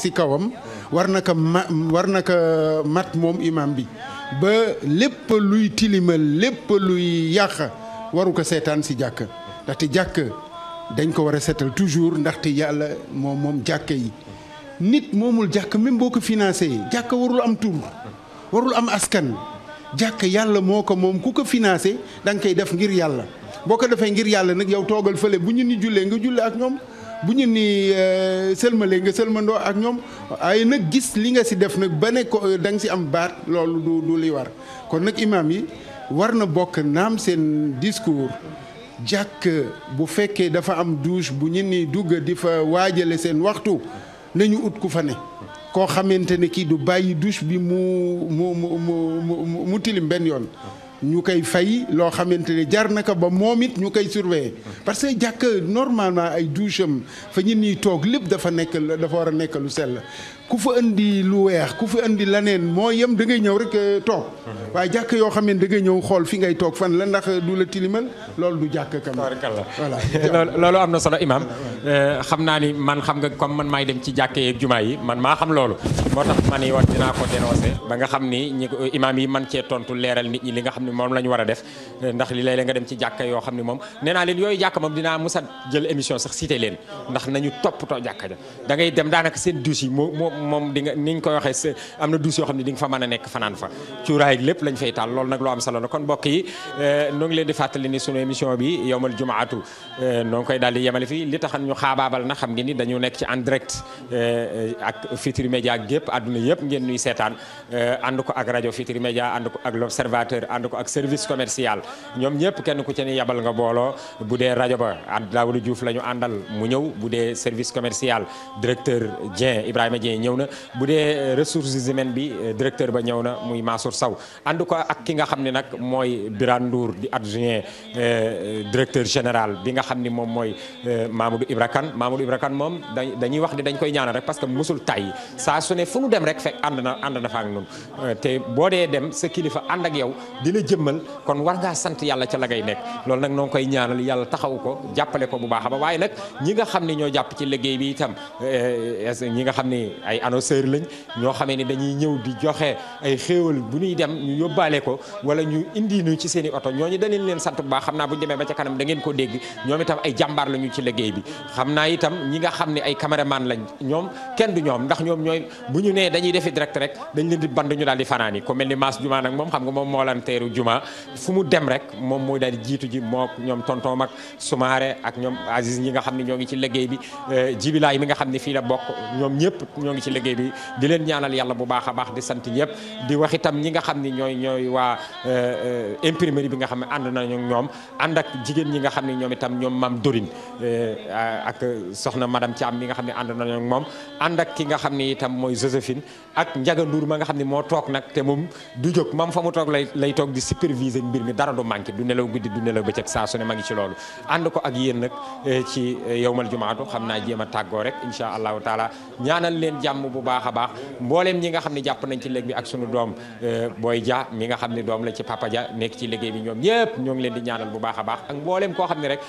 ci kawam war na ko ma war na ko mat moom imam bi ba lépp luy tilimal lépp luy yàq waru ko seetaan ci jàkk ndaxte jàkk dañ ko war a seetal toujours ndaxte yàlla moom moom jàkk yi nit moomul jàkk même boo ko financé jàkk warul am tur warul am askan jàkk yàlla moo ko moom ku ko financé da koy def ngir yàlla boo ko defee ngir yàlla nag yow toogal fële bu ñu ni jullee nga jullee ak ñoom bu ñu ni euh, sëlmalee nga sëlmandoo ak ñoom ay nag gis li nga si def nag ba ne ko euh, da nga si am baat loolu du li war kon nag imaam yi war na bokk naam seen discours jàkk bu fekkee dafa am douche bu ñu ni dugg di fa waajale seen waxtu nañu ut ku fa ne koo xamante ne kii du bàyyi douche bi mu mu mu mu mu tilim benn yoon ñu koy fay loo xamante ne jar na ko ba moom it ñu koy surveiller parce que jàkk normalement ay douche fa ñun ñuy toog lépp dafa nekk dafa war a nekkalu sel sell ku fa indi lu weex ku fa indi leneen moo yem da ngay ñëw rek eh, toog waaye jàkk yoo xam ne da ngay ñëw xool fi ngay toog fan la ndax du la tilimal loolu du jàkk kam voilà loolu am na solo imam eh, xam naa ni man xam nga comme man maay dem ci jàkk yeeg jumaa yi man maa xam loolu moo tax ma ni nga xam ni ñi imaam yi man cee tontu leeral nit ñi li nga xam ne moom la ñu war a def eh, ndax li léeg nga dem ci jàkk yoo xam ne moom nee naa leen yooyu jàkk moom dina dinaa musa jël émission sax cité leen ndax nañu toppatoo jàkk ja dem daanaka seen dus yi moom di nga ni ñu koy waxee am na duus xam ne di fa mën nekk fanaan fa cuuraay ak lañ fay taal nag loo am solo la kon mbokk yi euh, leen di fàttali ni sunu émission bi yowmal jumaatu euh, noo koy daal di yemale fii li taxan ñu xaabaabal na xam ngeen ni dañu nekk ci en direct euh, ak Futurs média gépp àdduna yëpp ngeen ñuy seetaan and ko ak rajo Futurs média ànd ko ak l'Observateur ànd ko ak service commercial ñoom ñëpp kenn ku ci ne yabal nga booloo bu dee rajo ba Daawuda Diouf la ñu àndal mu ñëw bu dee service commercial ñëw na bu dee euh, ressources bi euh, directeur ba ñëw na muy Mansour Sow ànd ko a ki nga xam ne nag mooy Birane Ndour di adjoint euh, directeur général bi nga xam ni moom mooy Mamadou Ibra Kane Mamadou Ibra Kane moom dañuy wax ni dañ koy ñaanal rek parce que musul tay saa su ne fu nu dem rek fekk ànd na ànd na fa ak nun te boo dee dem sa kilifa ànd ak yow di la jëmmal kon war ngaa sant yalla ca la nekk loolu nag noo koy ñaanal yàlla taxaw ko jàppale ko bu baax a ba waaye nag ñi nga xam liggéey bi itam ñi nga xam ne ay annonceurs lañ ñoo xamee ni dañuy ñëw di joxe ay xéewal bu ñu dem ñu yóbbaale ko wala ñu indi ñu ci seen i oto ñooñu dañu leen sant bu baax xam na bu ñu demee ba ca kanam da ngeen ko dégg ñoom itam ay jàmbaar la ñu ci liggéey bi xam naa itam ñi nga xam ne ay caméraman lañ ñoom kenn du ñoom ndax ñoom ñooy bu ñu nee dañuy defi direct rek dañ leen di band ñu daal di fanaan yi ku mel ni Mass nag moom xam nga moom moo lan teeru Juma fu mu dem rek moom mooy daal jiitu ji moo ñoom tonton mag Soumaré ak ñoom Aziz ñi nga xam ne ñoo ngi ci liggéey bi euh, Jibilaay mi nga xam ne fii la bokk ñoom ñëpp ñoo jàppale ci liggéey bi di leen ñaanal yàlla bu baax a baax di sant ñëpp di wax itam ñi nga xam ni ñooy ñooy waa euh, euh, imprimerie bi nga xam ne ànd na ñoom ànd ak jigéen ñi nga xam ne ñoom itam ñoom maam Dorine euh, ak soxna madame Thiam mi nga xam ne ànd nañu ak moom ànd ak ki nga xam ni itam mooy Josephine ak Njaga Nduur ma nga xam ne moo toog nag te moom du jóg moom fa mu toog lay lay toog di superviser mbir mi dara du manqué du nelaw guddi du nelaw bëccëg saa su ne ma ngi ci loolu ànd ko ak yéen nag ci yowmal jumaatu xam naa jéem a tàggoo rek incha allahu taala ñaanal leen jàmm bu baax a baax mbooleem ñi nga xam ne jàpp nañ ci léeg bi ak sunu doom euh, booy ja mi nga xam ne doom la ci papa ja nekk ci liggéey bi ñoom ñëpp ñoo ngi leen di ñaanal bu baax a baax mbooleem koo xam ne rek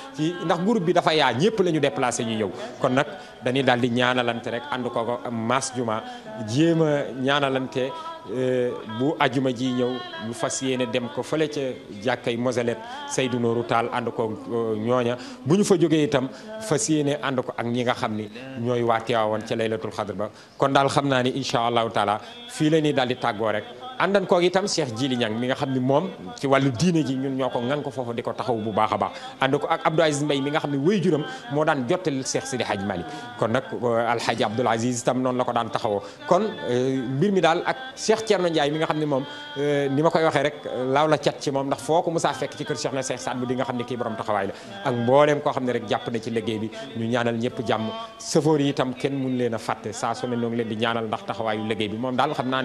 ndax groupe bi dafa yaa ñëpp la ñu déplacé ñu ñëw kon nag dañuy daal di ñaanalante rek ànd ko mas juma jéem a ñaanalante Euh, bu ajuma ji ñëw ñu fas yéene dem ko fële ca jàkkay Mosalet Seydou Nourou Tall ànd ko euh, ñooña bu ñu fa jógee itam fas yéene ànd ko ak ñi nga xam ni ñooy waa Tiwaawan ca laylatul xadr ba kon daal xam naa ni incha allahu taala fii la ñuy daal di tàggoo rek. àndan koog itam Cheikh Djili Niang mi nga xam ne moom ci wàllu diine ji ñun ñoo ko ngan ko foofu di ko taxaw bu baax a baax ànd ko ak Aziz Mbaye mi nga xam ne wéy juram moo daan jottal Cheikh Sidi Hadj Malick kon nag euh, Alhaji Aziz itam noonu la ko daan taxawoo kon euh, mbir mi daal ak Cheikh Thierno njaay mi nga xam ne moom euh, ni ma koy waxee rek laaw la cat ci moom ndax foo ko musaa fekk ci kër Cheikh na Cheikh Saad bu di nga xam ne kii borom taxawaay la ak mbooleem koo xam ne rek jàpp na ci liggéey bi ñu ñaanal ñëpp jàmm sëfoor yi itam kenn mun leen a fàtte saa su ne noo ngi leen di ñaanal ndax taxawaayu liggéey bi moom daal xam naa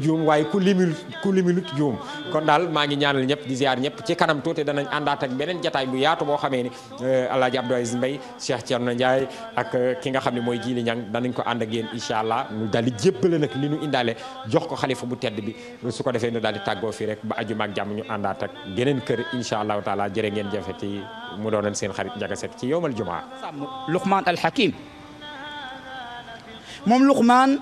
lim juum waaye ku limul ku limulut juum kon daal maa ngi ñaanal ñëpp di ziar ñëpp ci kanam tuuti danañ àndaat ak beneen jataay bu yaatu boo xamee ni euh, Alaaji Abdou Aziz Mbaye Cheikh Thierno euh, ki nga xam ne mooy Jili Ñang danañ ko ànd ak yéen incha allah ñu daal di jébbale nag li ñu indaale jox ko xalifa bu tedd bi su ko defee ñu daal di tàggoo fii rek ba ajuma ak jàmm ñu àndaat ak geneen kër incha allahu taala jërë ngeen jafeti mu doonoon seen xarit Ndiaga Seck ci yowmal jumaa Luqman al Hakim moom Luqman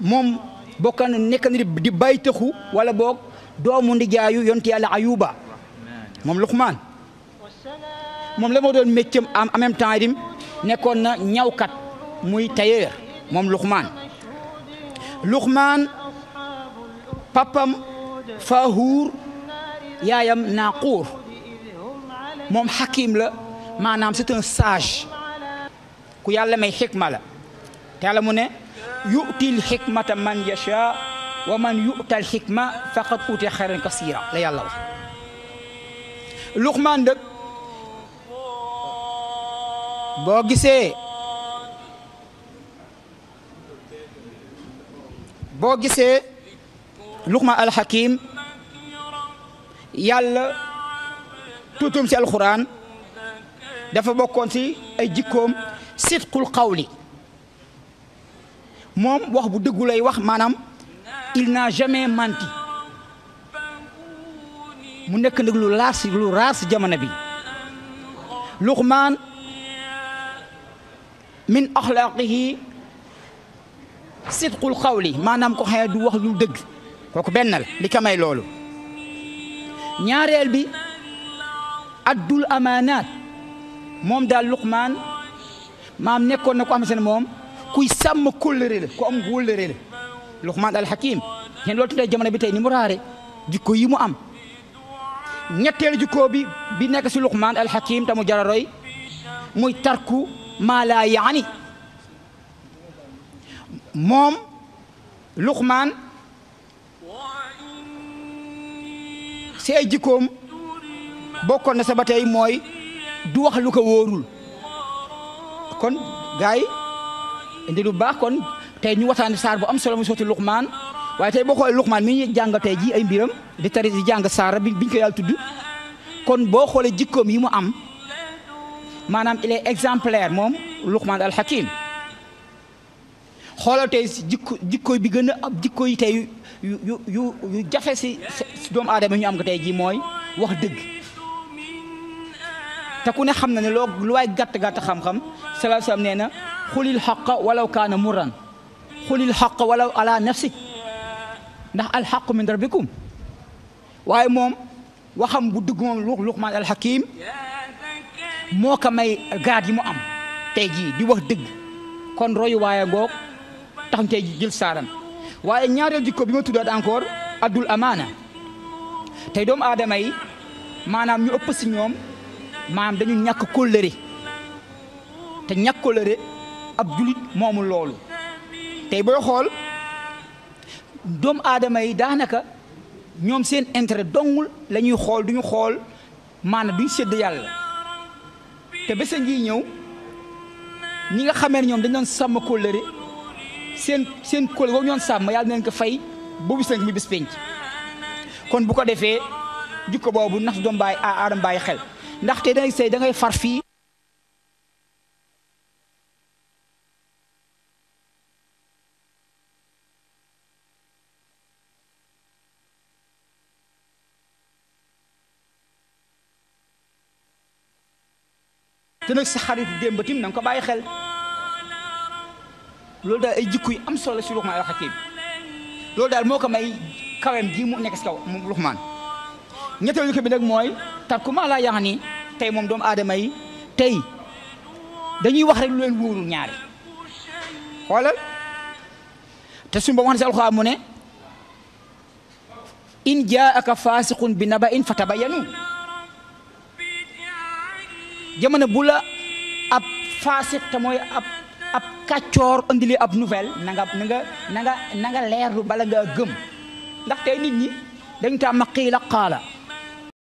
moom bokkaan nekk na di bàyyi tëxu wala boog doomu ndijaayu yonti yàlla ayuba moom luqmaan moom la moo doon métier am en même temps itam nekkoon na ñawkat muy tailleur moom luqmaan luqmaan papam faahuur yaayam naaquur moom xakim la maanaam c'est un sage ku yàlla may xikma la te yàlla ne yu'til xikmata man yasha wa man yu'tal xikma faqad uute xayran kasira yàlla wax luqmaan dëkk boo gisee boo luqmaan alxakim yàlla tuutum ci alxuraan dafa bokkoon ci ay jikkoom sidqul qawli moom wax bu dëggu lay wax maanaam il n'a jamais menti mu nekk nag lu laas lu raas jamono bi luqmaan min axlaaqihi sidqul xawli maanaam ko xëy du wax lu dëgg kooku benn la li ka may loolu ñaareel bi addul amaanaat moom daal luqmaan maam nekkoon na ko am seen moom kuy sàmm kóllëre la ku am wóllëre la Luqman al Hakim ngeen loolu tuddee jamono bi tey ni mu jikko yi mu am ñetteelu jikko bi bi si Luqman al Hakim tamu jara muy tarku maa laa yaani moom Luqman si ay jikkoom bokkoon na sa ba tey mooy du wax lu ko kon gaay indi baax kon tey ñu waxtaanee saar bu am solo mu sotti Luqmaan waaye tey boo xoolee Luqmaan mi ñu jàng tey ji ay mbiram di tari di jàng saar bi biñ ko yàlla tudd kon boo xoolee jikkoom yi mu am maanaam il est exemplaire moom Luqmaan al Hakim xoolal tey si jikko jikko bi gën a ab jikko yi tey yu yu yu yu jafe si doomu aadama ñu am ko tey ji mooy wax dëgg te ku ne xam na ne loo lu waay gàtt gàtt xam-xam sallallahu alayhi nee na. xulil xaqa walaw kaana murran xulil xaqa walaw ala nafsi ndax alxaqu min rabbikum waaye moom waxam bu dugg moom lu luqmaan alxakim moo ko may gaat yi mu am tey jii di wax dëgg kon royu waaye ngoog tax ñu tey jii jël saaram waaye ñaareel jikko bi ma tuddaat encore addul amaana tey doomu aadama yi maanaam ñu ëpp si ñoom maanaam dañu ñàkk kóllëre te ñàkk kóllëre ab julit moomu loolu tey booy xool doomu aadama yi daanaka ñoom seen intérêt dongul lañuy ñuy xool duñu xool maanaam duñ sédd yàlla te bés a ngi ñëw ñi nga xamee ne ñoom dañ doon sàmm kóllëre seen seen kóllëre boobu ñoon sàmm yàlla nañ ko fay boobu sënk mi bés penc kon bu ko defee jikko boobu naf doom bàyyi aadam bàyyi xel ndaxte dangay sëy da far fii te nag sa xarit démb tim ko bàyyi xel loolu daal ay jikko yu am solo si Luqmaan al loolu daal moo ko may kawem ji mu nekk si kaw mu Luqmaan ñetteelu ko bi nag mooy takku maa laa yax ni tey moom doomu aadama yi tey dañuy wax rek lu leen wóorul ñaari xoolal te suñu ba wax ne si alxuraan mu ne in jaaka faasiqun bi naba in fatabayanu jamono bula ab faasiq te mooy ab ab kàccoor andili ab nouvelle na nga na nga na nga nga gëm ndaxte tey nit ñi dañ tàmm qiila qaala